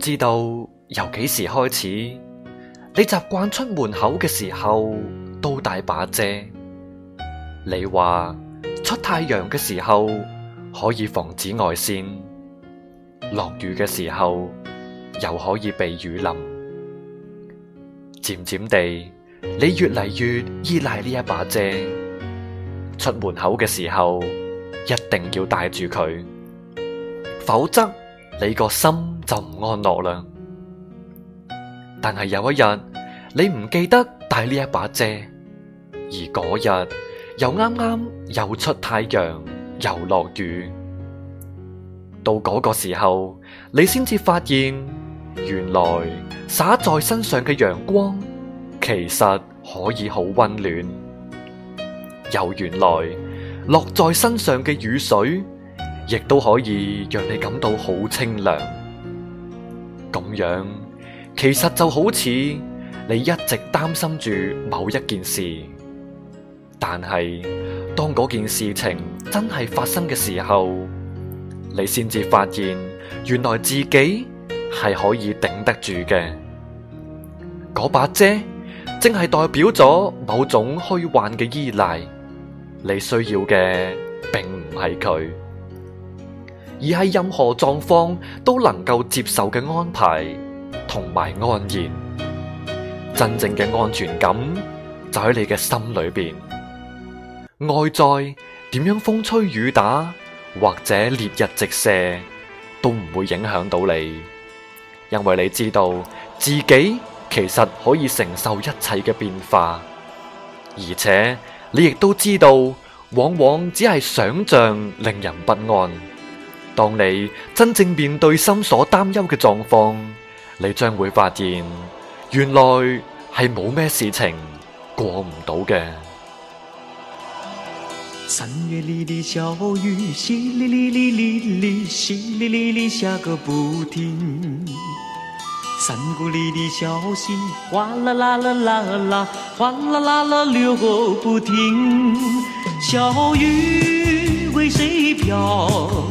知道由幾時開始，你習慣出門口嘅時候都帶把遮。你話出太陽嘅時候可以防紫外線，落雨嘅時候又可以避雨淋。漸漸地，你越嚟越依賴呢一把遮。出門口嘅時候一定要帶住佢，否則你個心就唔安樂啦。但係有一日，你唔記得帶呢一把遮，而嗰日又啱啱又出太陽，又落雨，到嗰個時候，你先至發現，原來灑在身上嘅陽光其實可以好溫暖，又原來，落在身上嘅雨水亦都可以讓你感到好清涼。咁樣其實就好似你一直擔心住某一件事，但係當嗰件事情真係發生嘅時候，你先至發現原來自己係可以頂得住嘅。嗰把遮正係代表咗某種虛幻嘅依賴，你需要嘅並唔係佢。而喺任何狀況都能夠接受嘅安排同埋安然。真正嘅安全感就喺你嘅心裏邊，外在點樣風吹雨打或者烈日直射都唔會影響到你，因為你知道自己其實可以承受一切嘅變化，而且你亦都知道，往往只係想象令人不安。當你真正面對心所擔憂嘅狀況，你將會發現，原來係冇咩事情過唔到嘅。三月裏的小雨，淅瀝瀝瀝瀝瀝，淅瀝瀝瀝下個不停。山谷裏的小溪，嘩啦啦啦啦啦，嘩啦啦啦流個不停。小雨為誰飄？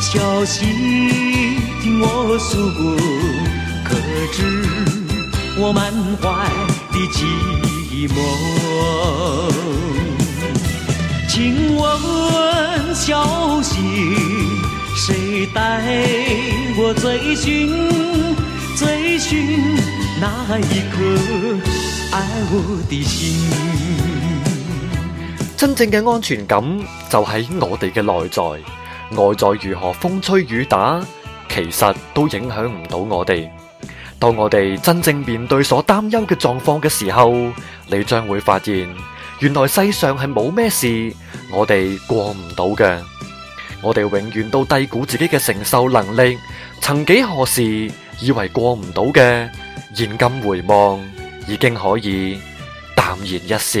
小溪聽我訴，可知我滿懷的寂寞？請問小溪，誰帶我追尋，追尋那一顆愛我的心？真正嘅安全感就喺我哋嘅內在。外在如何風吹雨打，其實都影響唔到我哋。當我哋真正面對所擔憂嘅狀況嘅時候，你將會發現，原來世上係冇咩事，我哋過唔到嘅。我哋永遠都低估自己嘅承受能力。曾幾何時，以為過唔到嘅，現今回望，已經可以淡然一笑。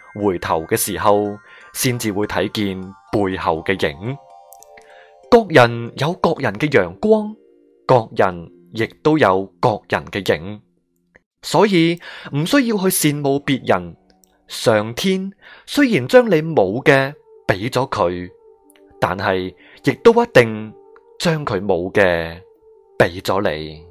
回頭嘅時候，先至會睇見背後嘅影。各人有各人嘅陽光，各人亦都有各人嘅影，所以唔需要去羨慕別人。上天雖然將你冇嘅俾咗佢，但係亦都一定將佢冇嘅俾咗你。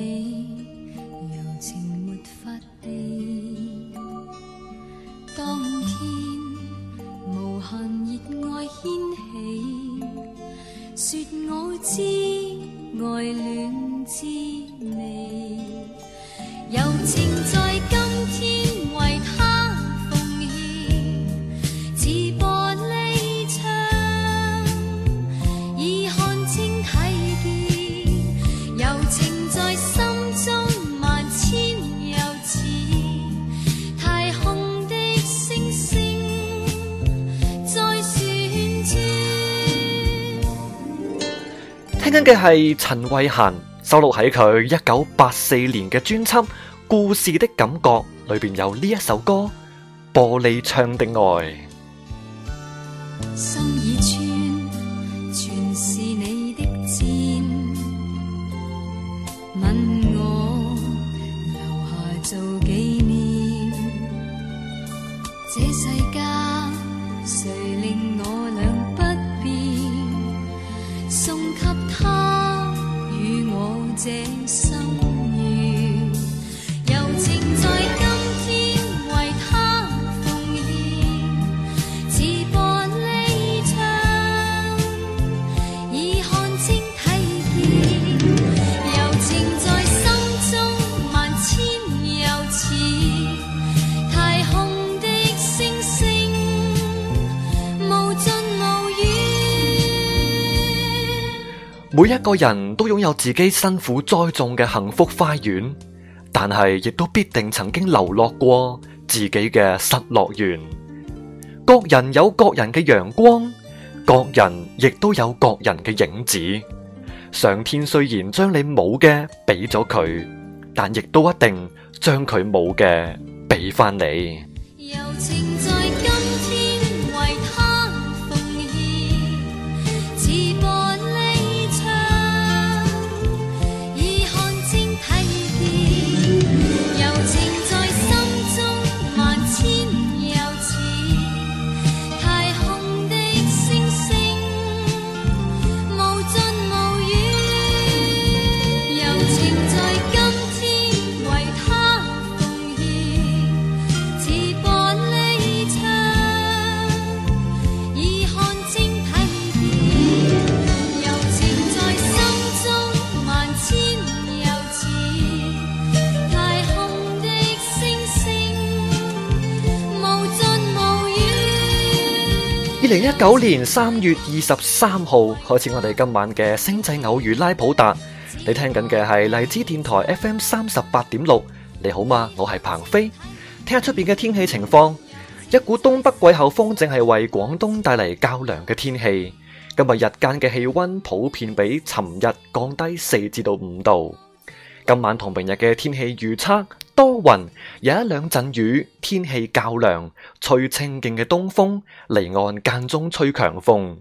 嘅係陳慧嫻收錄喺佢一九八四年嘅專輯《故事的感覺》裏邊有呢一首歌《玻璃窗的愛》。一個人都擁有自己辛苦栽種嘅幸福花園，但係亦都必定曾經流落過自己嘅失樂園。各人有各人嘅陽光，各人亦都有各人嘅影子。上天雖然將你冇嘅俾咗佢，但亦都一定將佢冇嘅俾翻你。二零一九年三月二十三號開始，我哋今晚嘅星際偶遇拉普達。你聽緊嘅係荔枝電台 FM 三十八點六。你好嗎？我係彭飛。聽下出邊嘅天氣情況，一股東北季候風正係為廣東帶嚟較涼嘅天氣。今日日間嘅氣溫普遍比尋日降低四至到五度。今晚同明日嘅天氣預測，多雲，有一兩陣雨，天氣較涼，吹清勁嘅東風，離岸間中吹強風。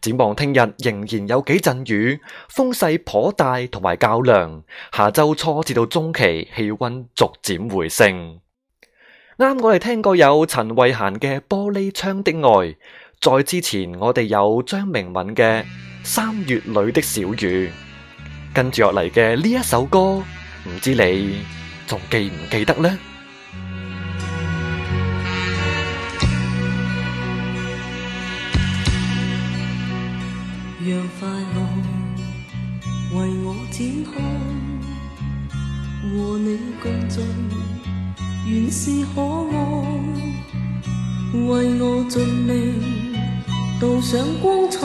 展望聽日仍然有幾陣雨，風勢頗大同埋較涼。下周初至到中期氣溫逐漸回升。啱我哋聽過有陳慧嫻嘅《玻璃窗的愛》，再之前我哋有張明敏嘅《三月裡的小雨》。跟住落嚟嘅呢一首歌，唔知你仲記唔記得呢？讓快樂為我展開，和你共聚原是可愛，為我盡力塗上光彩。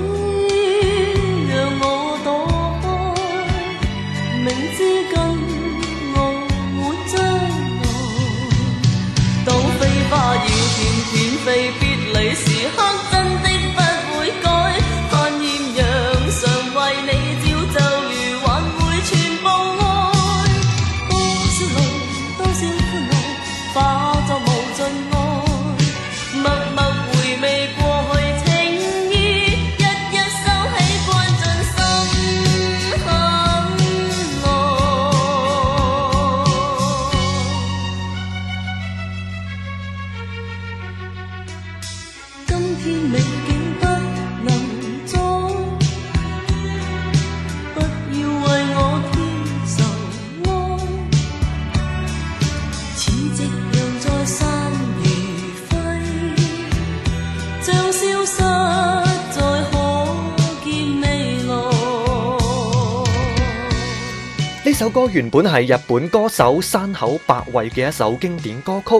首歌原本係日本歌手山口百惠嘅一首經典歌曲，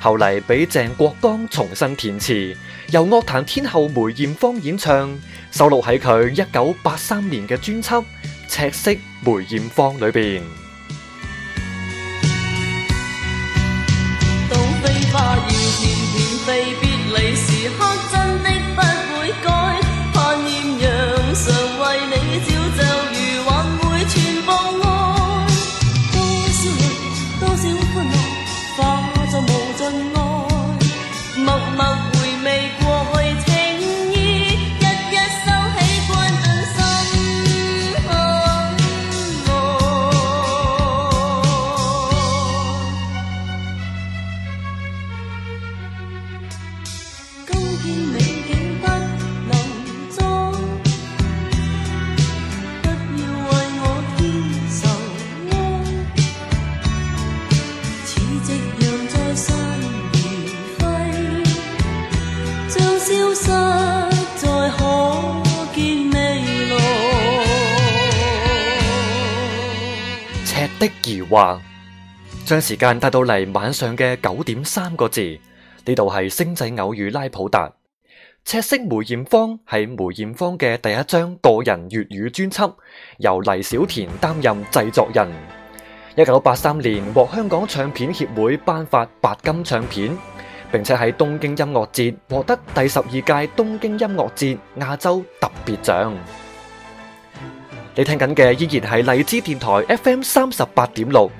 後嚟俾鄭國江重新填詞，由樂壇天后梅艷芳演唱，收錄喺佢一九八三年嘅專輯《赤色梅艷芳》裏邊。話將時間帶到嚟晚上嘅九點三個字，呢度係星仔偶遇拉普達，赤色梅艷芳係梅艷芳嘅第一張個人粵語專輯，由黎小田擔任製作人，一九八三年獲香港唱片協會頒發白金唱片，並且喺東京音樂節獲得第十二屆東京音樂節亞洲特別獎。你聽緊嘅依然係荔枝電台 FM 三十八點六，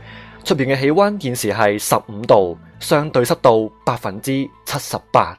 出邊嘅氣溫現時係十五度，相對濕度百分之七十八。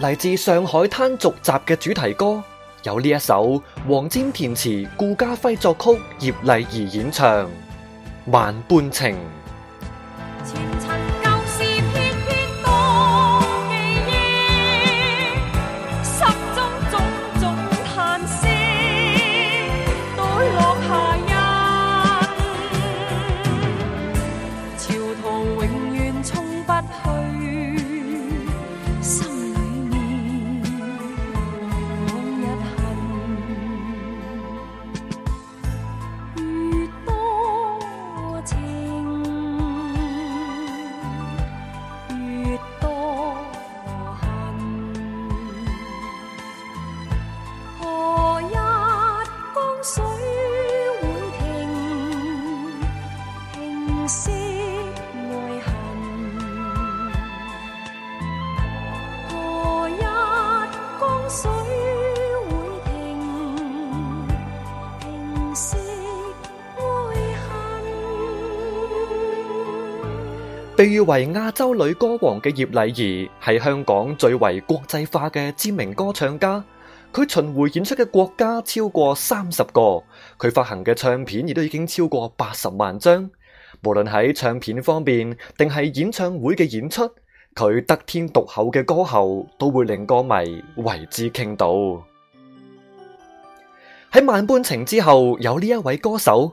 嚟自《上海灘》續集嘅主題歌，有呢一首黃沾填詞、顧嘉輝作曲、葉麗儀演唱《萬般情》。被譽為亞洲女歌王嘅葉麗儀，係香港最為國際化嘅知名歌唱家。佢巡迴演出嘅國家超過三十個，佢發行嘅唱片亦都已經超過八十萬張。無論喺唱片方面定係演唱會嘅演出，佢得天獨厚嘅歌喉都會令歌迷為之傾倒。喺萬般情之後，有呢一位歌手。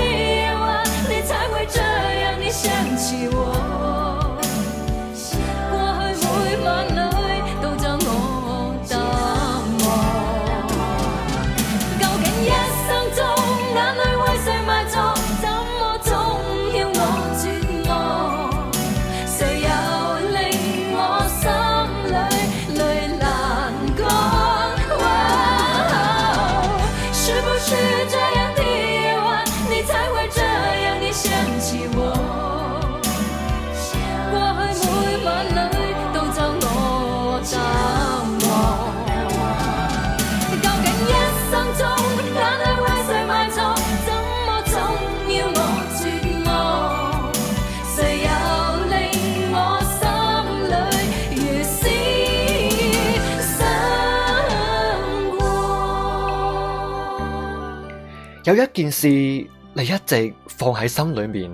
有一件事你一直放喺心裏面，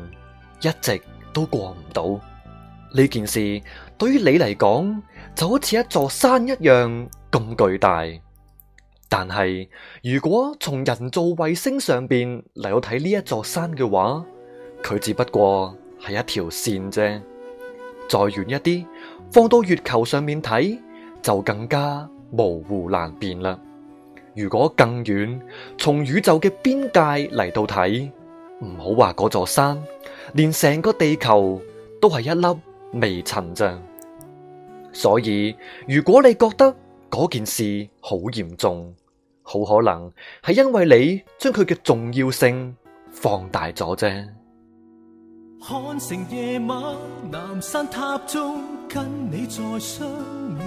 一直都過唔到。呢件事對於你嚟講就好似一座山一樣咁巨大。但係如果從人造衛星上邊嚟到睇呢一座山嘅話，佢只不過係一條線啫。再遠一啲，放到月球上面睇就更加模糊難辨啦。如果更遠，從宇宙嘅邊界嚟到睇，唔好話嗰座山，連成個地球都係一粒微塵啫。所以如果你覺得嗰件事好嚴重，好可能係因為你將佢嘅重要性放大咗啫。看成夜晚，南山塔中跟你再相遇。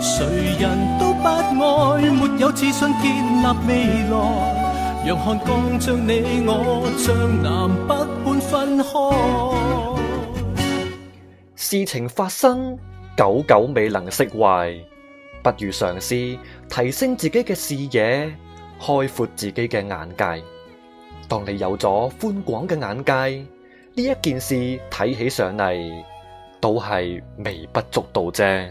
誰人都不愛，沒有自信建立未來，讓漢江將你我將南北半分開。事情發生久久未能釋懷，不如嘗試提升自己嘅視野，開闊自己嘅眼界，當你有咗寬廣嘅眼界呢，一件事睇起上嚟都係微不足道啫。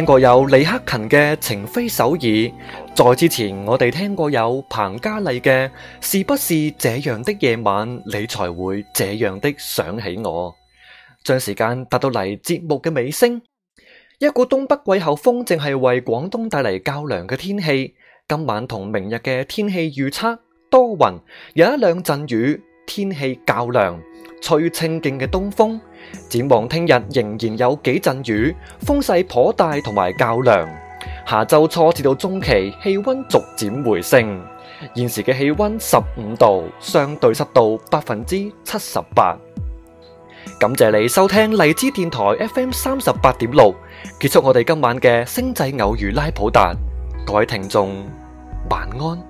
聽過有李克勤嘅《情非首爾》，在之前我哋聽過有彭嘉麗嘅《是不是這樣的夜晚，你才會這樣的想起我》。將時間達到嚟節目嘅尾聲，一股東北季候風正係為廣東帶嚟較涼嘅天氣。今晚同明日嘅天氣預測多雲，有一兩陣雨，天氣較涼，吹清勁嘅東風。展望聽日仍然有幾陣雨，風勢頗大同埋較涼。下周初至到中期氣溫逐漸回升。現時嘅氣溫十五度，相對濕度百分之七十八。感謝你收聽荔枝電台 FM 三十八點六，結束我哋今晚嘅星際偶遇拉普達。各位聽眾，晚安。